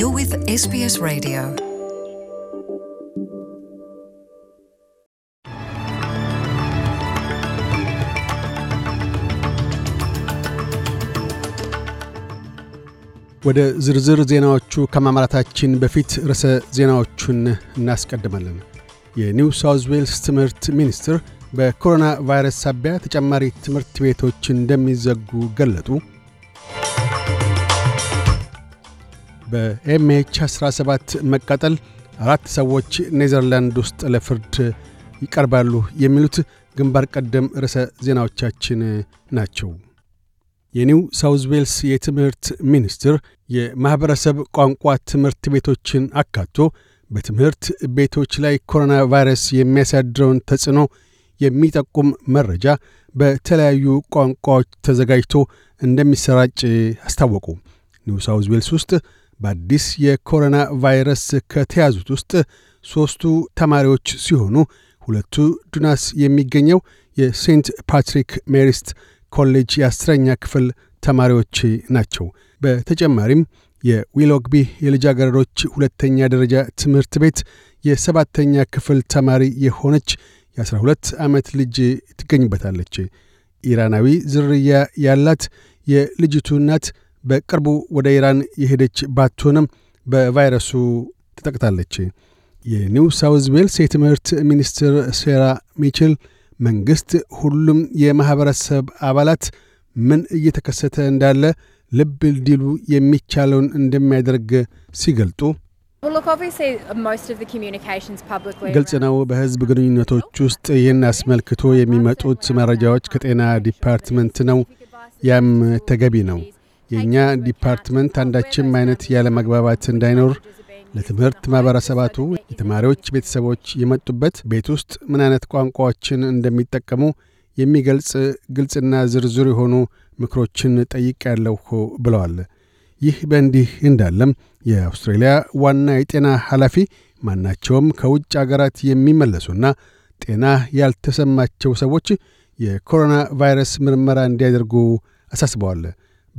You're with SBS Radio. ወደ ዝርዝር ዜናዎቹ ከማምራታችን በፊት ርዕሰ ዜናዎቹን እናስቀድማለን። የኒው ሳውዝ ዌልስ ትምህርት ሚኒስትር በኮሮና ቫይረስ ሳቢያ ተጨማሪ ትምህርት ቤቶች እንደሚዘጉ ገለጡ። በኤምኤች 17 መቃጠል አራት ሰዎች ኔዘርላንድ ውስጥ ለፍርድ ይቀርባሉ የሚሉት ግንባር ቀደም ርዕሰ ዜናዎቻችን ናቸው። የኒው ሳውዝ ዌልስ የትምህርት ሚኒስትር የማኅበረሰብ ቋንቋ ትምህርት ቤቶችን አካቶ በትምህርት ቤቶች ላይ ኮሮና ቫይረስ የሚያሳድረውን ተጽዕኖ የሚጠቁም መረጃ በተለያዩ ቋንቋዎች ተዘጋጅቶ እንደሚሰራጭ አስታወቁ። ኒው ሳውዝ ዌልስ ውስጥ በአዲስ የኮሮና ቫይረስ ከተያዙት ውስጥ ሦስቱ ተማሪዎች ሲሆኑ ሁለቱ ዱናስ የሚገኘው የሴንት ፓትሪክ ሜሪስት ኮሌጅ የአስረኛ ክፍል ተማሪዎች ናቸው። በተጨማሪም የዊሎግቢ የልጃገረዶች ሁለተኛ ደረጃ ትምህርት ቤት የሰባተኛ ክፍል ተማሪ የሆነች የ12 ዓመት ልጅ ትገኝበታለች። ኢራናዊ ዝርያ ያላት የልጅቱ እናት በቅርቡ ወደ ኢራን የሄደች ባትሆንም በቫይረሱ ተጠቅታለች። የኒው ሳውዝ ዌልስ የትምህርት ሚኒስትር ሴራ ሚችል መንግሥት ሁሉም የማኅበረሰብ አባላት ምን እየተከሰተ እንዳለ ልብ እንዲሉ የሚቻለውን እንደሚያደርግ ሲገልጡ ግልጽ ነው። በሕዝብ ግንኙነቶች ውስጥ ይህን አስመልክቶ የሚመጡት መረጃዎች ከጤና ዲፓርትመንት ነው። ያም ተገቢ ነው። የእኛ ዲፓርትመንት አንዳችም አይነት ያለመግባባት እንዳይኖር ለትምህርት ማህበረሰባቱ የተማሪዎች ቤተሰቦች የመጡበት ቤት ውስጥ ምን አይነት ቋንቋዎችን እንደሚጠቀሙ የሚገልጽ ግልጽና ዝርዝር የሆኑ ምክሮችን ጠይቅ ያለሁ ብለዋል። ይህ በእንዲህ እንዳለም የአውስትሬልያ ዋና የጤና ኃላፊ ማናቸውም ከውጭ አገራት የሚመለሱና ጤና ያልተሰማቸው ሰዎች የኮሮና ቫይረስ ምርመራ እንዲያደርጉ አሳስበዋል።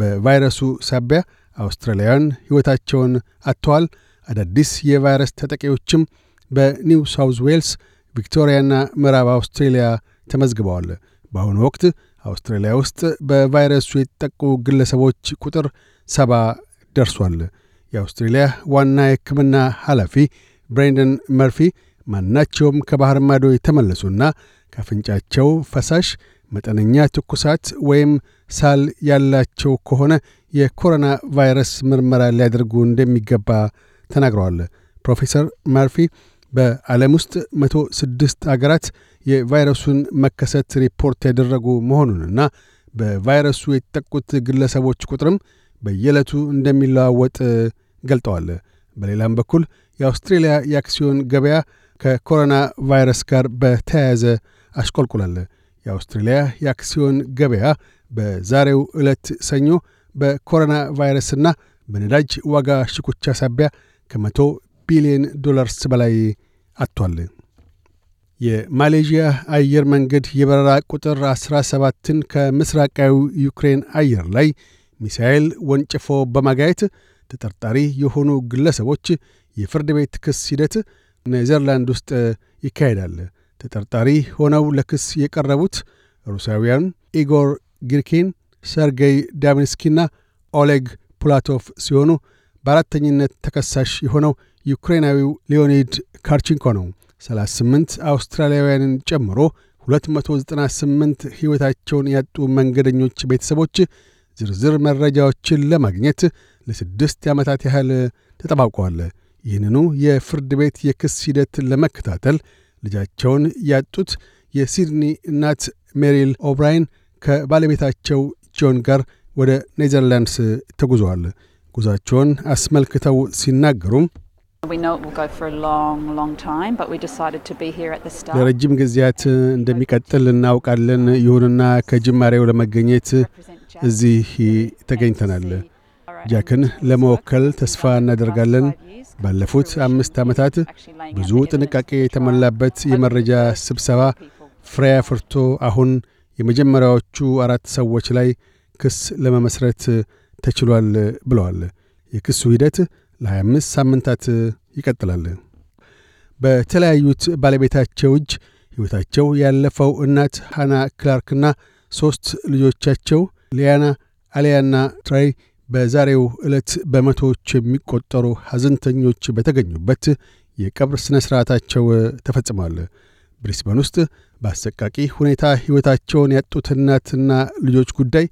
በቫይረሱ ሳቢያ አውስትራሊያውያን ሕይወታቸውን አጥተዋል። አዳዲስ የቫይረስ ተጠቂዎችም በኒው ሳውዝ ዌልስ፣ ቪክቶሪያና ምዕራብ አውስትሬሊያ ተመዝግበዋል። በአሁኑ ወቅት አውስትራሊያ ውስጥ በቫይረሱ የተጠቁ ግለሰቦች ቁጥር ሰባ ደርሷል። የአውስትሬሊያ ዋና የሕክምና ኃላፊ ብሬንደን መርፊ ማናቸውም ከባህር ማዶ የተመለሱና ከአፍንጫቸው ፈሳሽ መጠነኛ ትኩሳት ወይም ሳል ያላቸው ከሆነ የኮሮና ቫይረስ ምርመራ ሊያደርጉ እንደሚገባ ተናግረዋል። ፕሮፌሰር መርፊ በዓለም ውስጥ 1ስድስት አገራት የቫይረሱን መከሰት ሪፖርት ያደረጉ መሆኑንና በቫይረሱ የተጠቁት ግለሰቦች ቁጥርም በየዕለቱ እንደሚለዋወጥ ገልጠዋል። በሌላም በኩል የአውስትሬልያ የአክሲዮን ገበያ ከኮሮና ቫይረስ ጋር በተያያዘ አሽቆልቁላል። የአውስትሬልያ የአክሲዮን ገበያ በዛሬው ዕለት ሰኞ በኮሮና ቫይረስና በነዳጅ ዋጋ ሽኩቻ ሳቢያ ከመቶ ቢሊዮን ዶላርስ በላይ አጥቷል። የማሌዥያ አየር መንገድ የበረራ ቁጥር 17ን ከምስራቃዊ ዩክሬን አየር ላይ ሚሳኤል ወንጭፎ በማጋየት ተጠርጣሪ የሆኑ ግለሰቦች የፍርድ ቤት ክስ ሂደት ኔዘርላንድ ውስጥ ይካሄዳል። ተጠርጣሪ ሆነው ለክስ የቀረቡት ሩሲያውያን ኢጎር ጊርኪን፣ ሰርጌይ ዳሚንስኪና ኦሌግ ፑላቶቭ ሲሆኑ በአራተኝነት ተከሳሽ የሆነው ዩክሬናዊው ሊዮኒድ ካርቺንኮ ነው። 38 አውስትራሊያውያንን ጨምሮ 298 ሕይወታቸውን ያጡ መንገደኞች ቤተሰቦች ዝርዝር መረጃዎችን ለማግኘት ለስድስት ዓመታት ያህል ተጠባብቀዋል። ይህንኑ የፍርድ ቤት የክስ ሂደት ለመከታተል ልጃቸውን ያጡት የሲድኒ እናት ሜሪል ኦብራይን ከባለቤታቸው ጆን ጋር ወደ ኔዘርላንድስ ተጉዘዋል። ጉዟቸውን አስመልክተው ሲናገሩም ለረጅም ጊዜያት እንደሚቀጥል እናውቃለን። ይሁንና ከጅማሬው ለመገኘት እዚህ ተገኝተናል። ጃክን ለመወከል ተስፋ እናደርጋለን። ባለፉት አምስት ዓመታት ብዙ ጥንቃቄ የተሞላበት የመረጃ ስብሰባ ፍሬ አፍርቶ አሁን የመጀመሪያዎቹ አራት ሰዎች ላይ ክስ ለመመስረት ተችሏል ብለዋል። የክሱ ሂደት ለ25 ሳምንታት ይቀጥላል። በተለያዩት ባለቤታቸው እጅ ሕይወታቸው ያለፈው እናት ሃና ክላርክና ሦስት ልጆቻቸው ሊያና፣ አሊያና ትራይ በዛሬው ዕለት በመቶዎች የሚቆጠሩ ሐዘንተኞች በተገኙበት የቀብር ሥነ ሥርዓታቸው ተፈጽሟል። ብሪስበን ውስጥ በአሰቃቂ ሁኔታ ሕይወታቸውን ያጡት እናትና ልጆች ጉዳይ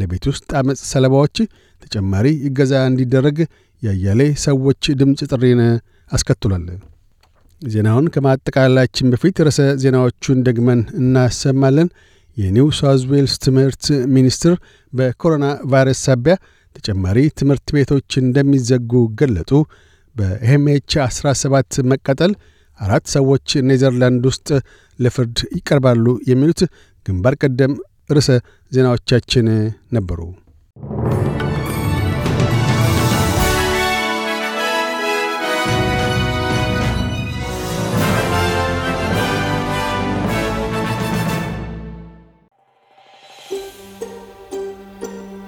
ለቤት ውስጥ አመፅ ሰለባዎች ተጨማሪ እገዛ እንዲደረግ ያያሌ ሰዎች ድምፅ ጥሪን አስከትሏል። ዜናውን ከማጠቃላላችን በፊት ርዕሰ ዜናዎቹን ደግመን እናሰማለን። የኒው ሳውዝ ዌልስ ትምህርት ሚኒስትር በኮሮና ቫይረስ ሳቢያ ተጨማሪ ትምህርት ቤቶች እንደሚዘጉ ገለጡ። በኤምኤች 17 መቃጠል አራት ሰዎች ኔዘርላንድ ውስጥ ለፍርድ ይቀርባሉ የሚሉት ግንባር ቀደም ርዕሰ ዜናዎቻችን ነበሩ።